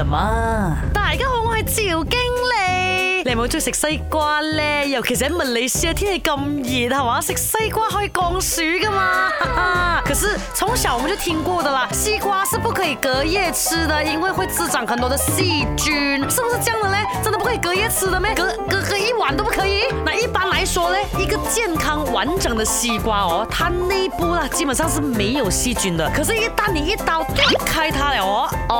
什麼，大家好，我係趙經理。你有冇中意食西瓜咧？尤其是喺馬來西亞啊，天氣咁熱係嘛，食西瓜可以降暑噶嘛。哈哈。可是從小我們就聽過的啦，西瓜是不可以隔夜吃的，因為會滋長很多的細菌，是不是這樣的咧？真的不可以隔夜吃的咩？隔隔一晚都不可以？那一般來說咧，一個健康完整的西瓜哦，它內部啦，基本上是沒有細菌的。可是，一旦你一刀切開它了哦。